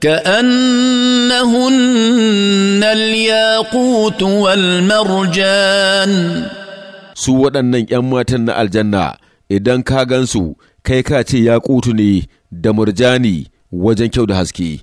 كأنهن الياقوت والمرجان su waɗannan ‘yan matan na aljanna idan ka gansu kai ka ce ƙutu ne da murjani wajen kyau da haske.